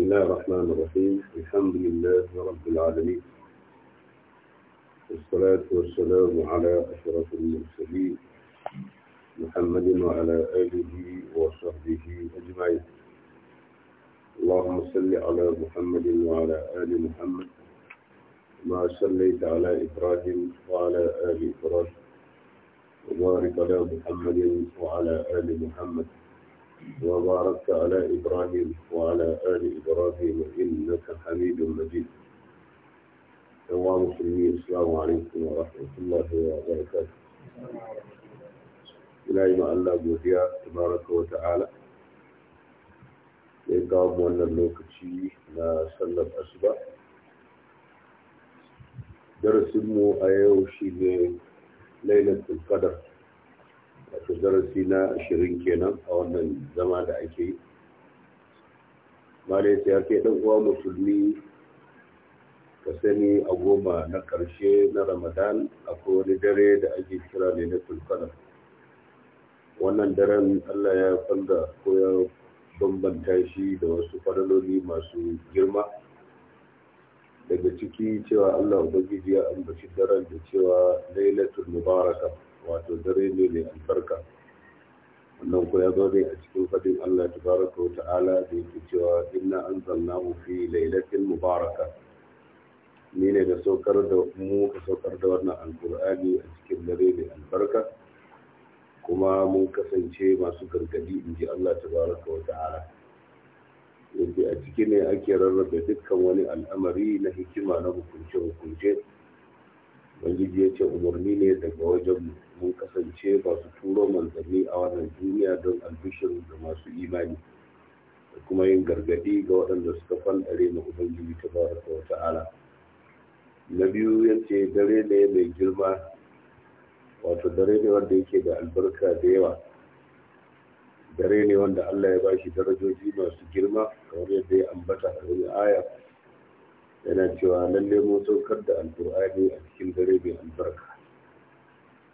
بسم الله الرحمن الرحيم الحمد لله رب العالمين والصلاة والسلام على أشرف المرسلين محمد وعلى آله وصحبه أجمعين اللهم صل على محمد وعلى آل محمد ما صليت على إبراهيم وعلى آل إبراهيم وبارك على محمد وعلى آل محمد وباركت على إبراهيم وعلى آل إبراهيم إنك حميد مجيد الله مسلمين السلام عليكم ورحمة الله وبركاته إلهي ما الله godiya tabaraka wa ta'ala ya gawo wannan lokaci na sallar asuba darasinmu a yau shi ne lailatul qadar darasi na ashirin kenan a wannan zama da ake yi malai sai ake ɗan uwa musulmi ka sani a goma na ƙarshe na ramadan akwai wani dare da ake kira ne na tulkana wannan daren allah ya fanda ko ya bambanta shi da wasu fadaloli masu girma daga ciki cewa allah ubangiji ya ambaci daren da cewa lailatul mubaraka wato dare ne mai albarka wannan ko ya zo ne a cikin fadin Allah tabaraka wa ta'ala da yake cewa inna anzalnahu fi lailatin mubaraka ni ne da saukar da mu ka saukar da wannan alkur'ani a cikin dare mai alfarka. kuma mun kasance masu gargadi in ji Allah tabaraka wa ta'ala yadda a ciki ne ake rarrabe dukkan wani al'amari na hikima na hukunce-hukunce ubangiji ya ce umarni ne daga wajen mun kasance ba su turo manzanni a wannan duniya don albishir da masu imani da kuma yin gargadi ga waɗanda suka fandare na ubangiji ta ba da ta'ala na biyu ya ce dare ne mai girma wato dare ne wanda yake da albarka da yawa dare ne wanda allah ya ba shi darajoji masu girma kamar yadda ya ambata a wani aya yana cewa lalle mu saukar da alkur'ani a cikin dare mai albarka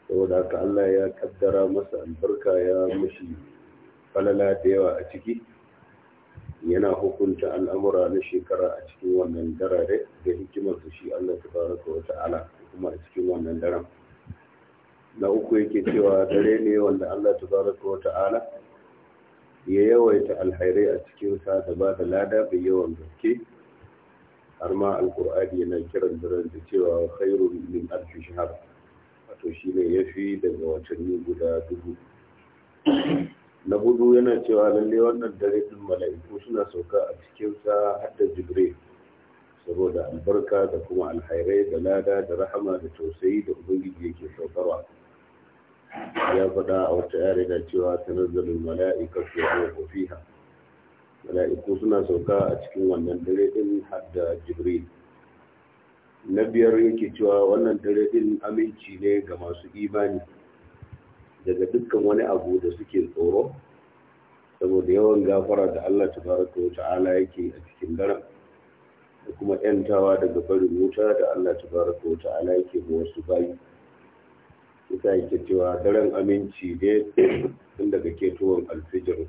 saboda haka Allah ya kaddara masa albarka ya mishi falala da yawa a ciki yana hukunta al'amura na shekara a cikin wannan darare da hikimar shi Allah ta baraka wa ta'ala kuma a cikin wannan daren na uku yake cewa dare ne wanda Allah ta baraka wa ta'ala ya yawaita alhairai a cikin sa da ba da lada bai yawan gaske har ma alkur'ani yana kiran daren da cewa khairun min alfi shahar wato shi ne ya fi daga watanni guda dubu na hudu yana cewa lalle wannan dare din mala'iku suna sauka a cikinsa sa hadda saboda albarka da kuma alhairai da lada da rahama da tausayi da ubangiji yake saukarwa ya faɗa a wata yare da cewa tanazzalul mala'ikatu wa kofi ha. mala'iku suna sauka a cikin wannan dare din har da jibril na biyar yake cewa wannan dare din aminci ne ga masu imani daga dukkan wani abu da suke tsoro saboda yawan gafara da Allah tabaraka wa ta'ala yake a cikin daren da kuma yantawa daga barin wuta da Allah tabaraka wa ta'ala yake ga wasu bayi yake cewa daren aminci ne tun daga ketowar alfijir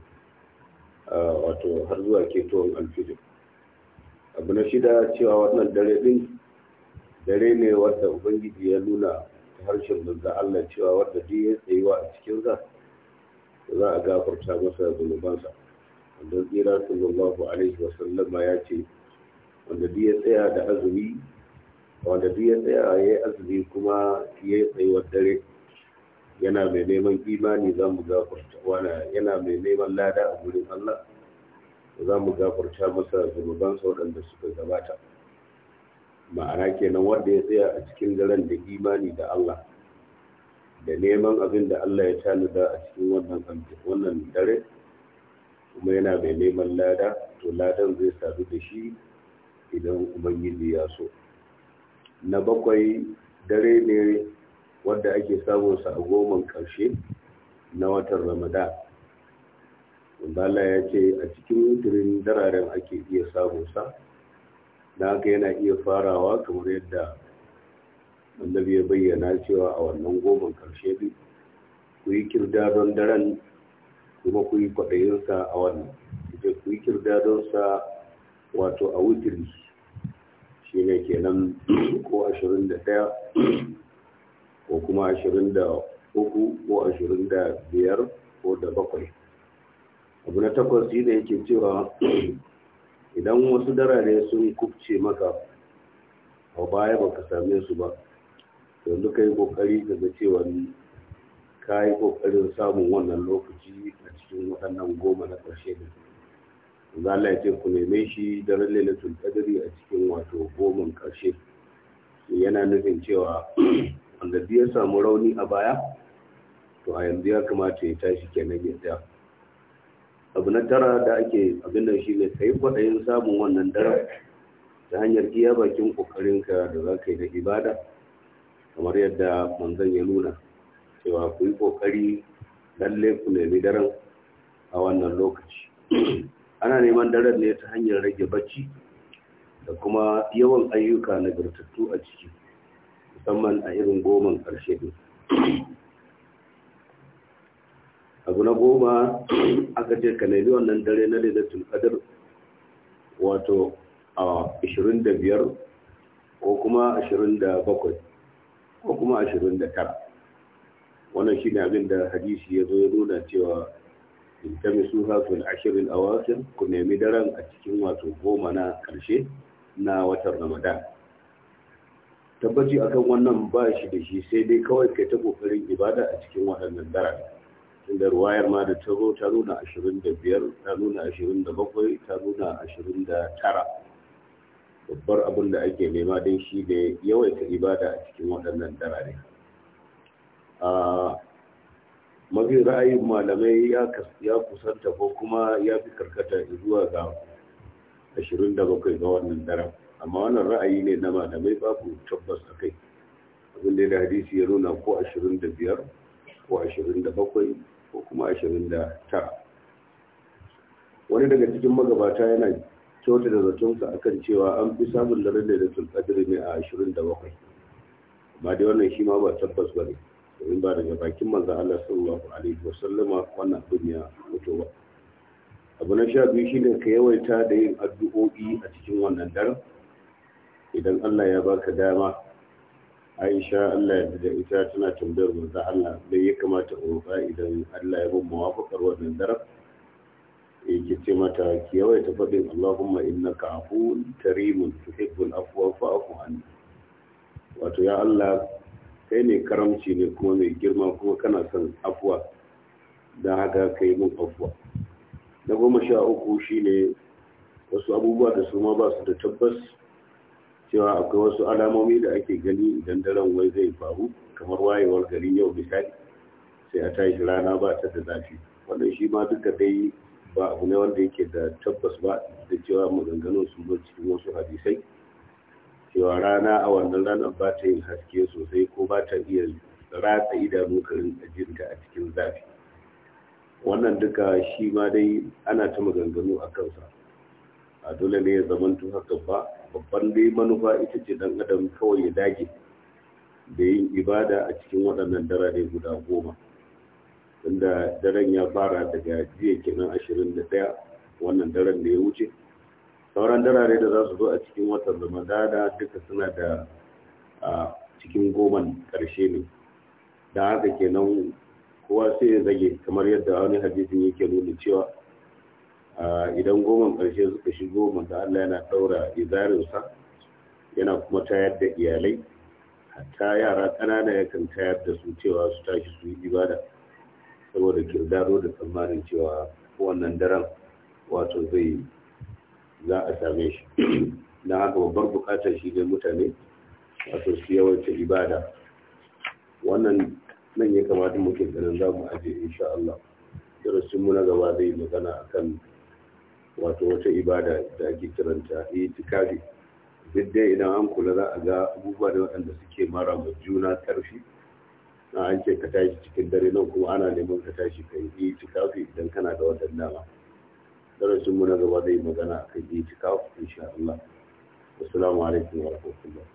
wato har zuwa ketowar alfijir abu na shida cewa wannan dare din dare ne wadda ubangiji ya nuna ta harshen manzan allah cewa wadda duk ya tsayuwa a cikin za za a gafarta masa zunubansa wanda tsira sallallahu alaihi wasallama ya ce wanda duk ya tsaya da azumi wanda duk ya tsaya ya yi azumi kuma ya yi tsayuwar dare yana mai neman imani za mu gafarta wani yana mai neman lada a gurin Allah za mu gafarta masa zunuban waɗanda suka gabata ma'ana kenan wanda ya tsaya a cikin daren da imani da Allah da neman abin da Allah ya da a cikin wannan wannan dare kuma yana mai neman lada to ladan zai sadu da shi idan ubangiji ya so na bakwai dare ne wadda ake samunsa a goman ƙarshe na watan ramadan wanda Allah ya ce a cikin wutirin dararen ake iya samunsa na haka yana iya farawa kamar yadda annabi ya bayyana cewa a wannan goman ƙarshe ne ku yi don daren kuma ku yi kwaɗayinsa a wannan ita ku yi sa wato a wutiri shi ne kenan ko ashirin da ɗaya ko kuma ashirin da uku ko ashirin da biyar ko da bakwai abu na takwas shi ne yake cewa idan wasu darare sun kubce maka a baya ba ka same su ba yanzu ka yi kokari ka ga cewa ka yi kokarin samun wannan lokaci a cikin waɗannan goma na ƙarshe da za a ce ku neme shi da lailatul qadri a cikin wato goman ƙarshe yana nufin cewa annabi ya samu rauni a baya to a yanzu ya kamata ya tashi kenan ya abu na tara da ake abin nan shine yi kwaɗayin samun wannan daren ta hanyar iya bakin ƙoƙarinka da za ka yi na ibada kamar yadda manzan ya nuna cewa ku yi ƙoƙari lalle ku nemi daren a wannan lokaci ana neman daren ne ta hanyar rage bacci da kuma yawan ayyuka nagartattu a ciki musamman a irin goma ƙarshe ne abu na goma aka ce ka nemi wannan dare na lailatul ƙadar wato a 25 ko kuma 27 ko kuma 29 wannan ne abin da hadisi ya zo ya nuna cewa in ta misu hafin ashirin a wasan ku nemi daren a cikin wato goma na ƙarshe na watan ramadan tabbaci akan wannan ba shi da shi sai dai kawai kai ta kokarin ibada a cikin waɗannan dara inda ruwayar ma da ta zo ta nuna 25 ta nuna 27 ta nuna 29 babbar abin da ake nema don shi ne yawaita ibada a cikin waɗannan dara ne mafi ra'ayin malamai ya kusanta ko kuma ya fi karkata zuwa ga 27 ga wannan daren amma wannan ra'ayi ne na malamai babu tabbas a kai abin da ya hadisi ya nuna ko 25 ko 27 ko kuma 29 wani daga cikin magabata yana kyauta da zatonsa akan cewa an fi samun larar da da tulkadir ne a 27 amma dai wannan shi ma ba tabbas ba ne domin ba daga bakin manzan Allah sallallahu alaihi wasallama wannan abin ya mutu ba abu na sha biyu shine ka yawaita da yin addu'o'i a cikin wannan daren idan Allah ya baka dama Aisha Allah ya da ita tana tambayar manzo Allah dai ya kamata in roƙa idan Allah ya bin wafakar wannan darab yake ce mata ki yawaita faɗin Allahumma innaka afuwun karimun tuhibbul afwa fa'fu anni wato ya Allah kai ne karamci ne kuma mai girma kuma kana son afwa don haka kai mun afuwa. na goma sha uku shine wasu abubuwa da su ma ba su da tabbas cewa akwai wasu alamomi da ake gani idan daren wai zai faru kamar wayewar gari yau misali sai a tashi rana ba ta da zafi wannan shi ma duka dai ba abu ne wanda yake da tabbas ba da cewa maganganun sun zo cikin wasu hadisai cewa rana a wannan ranar ba ta yin haske sosai ko ba ta iya ratsa idanu karin ajinta a cikin zafi wannan duka shi ma dai ana ta maganganu a kansa a dole ne ya zamantu haka ba babban dai manufa ita ce dan adam kawai ya dage da yin ibada a cikin waɗannan darare guda goma tunda daren ya fara daga jiya kenan ashirin da ɗaya wannan daren da ya wuce sauran darare da za su zo a cikin watan ramadana duka suna da a cikin goma ƙarshe ne da haka kenan kowa sai ya zage kamar yadda wani hadisin yake nuna cewa idan goman ƙarshe suka shigo manzo Allah yana ɗaura izarinsa yana kuma tayar da iyalai hatta yara ƙanana kan tayar da su cewa su tashi su yi ibada saboda kirdaro da tsammanin cewa wannan daren wato zai za a same shi na haka babbar buƙatar shi ne mutane wato su yawaita ibada wannan nan ya kamata muke ganin za mu aje insha Allah darasin mu na gaba zai magana akan wato wata ibada da ake kiranta itikafi duk dai idan an kula za a ga abubuwa da waɗanda suke mara ma juna ƙarfi na an ce ka tashi cikin dare nan kuma ana neman ka tashi ka yi itikafi idan kana da waɗannan dama darasin mu na gaba zai magana a itikaf insha Allah assalamu alaikum wa rahmatullahi.